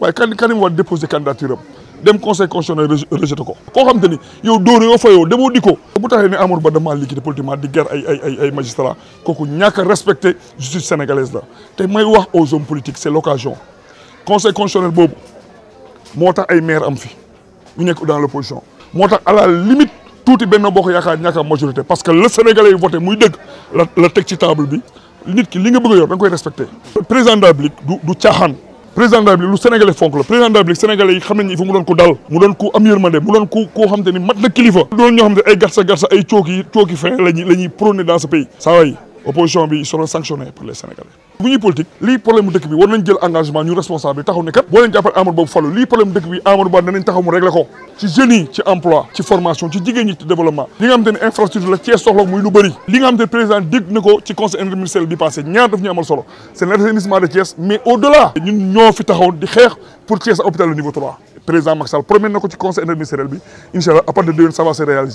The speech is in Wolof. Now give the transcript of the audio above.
waaye kan Karim Wade déposé candidature dem conseil constitutionnel rejeté ko. koo xam te ni yow dóor yoo fayoo demoo di ko. bu taxee ne Amadou Ba dama liquidé politiquement di guerre ay ay kooku ñàkk a respecté justice sénégalaise la te may wax aux hommes politiques c' est l' conseil boobu moo tax ay maire am fi ñu nekk dans l' opposition. moo tax à la limite tuuti benn boo ko yaakaar ñàkk a majorité parce que la sénégalais yi voté muy dëgg la la teg ci bi nit ki li nga bëgg a yor koy respecté. président de la République du président de la République lu sénégalais fonk la président de la République xam nañ ni fu mu doon ko dal mu doon ko am yërmande mu doon ku xam te ni mat na kilifa doon ñoo xam te ay garsa garsa ay cooki cooki fin lañu la ñuy prôné dans pays saa opposition bi ils seront sanctionnés par les sénégalais bu ñuy politique lii problème dëkk bi war nañ jël engagement ñu responsable bi taxaw ne kat boo leen jàppale Amadou falu lii problème dëkk bi Amadou Ba danañ taxaw mu régler ko ci jeunes ci emploi ci formation ci jigéen ñi ci développement li nga xam te infrastructure la Thiès soxla muy lu bëri li nga xam te président dégg na ko ci conseil interministériel bi passé ñaar daf ñu amal solo c'est l'assainissement de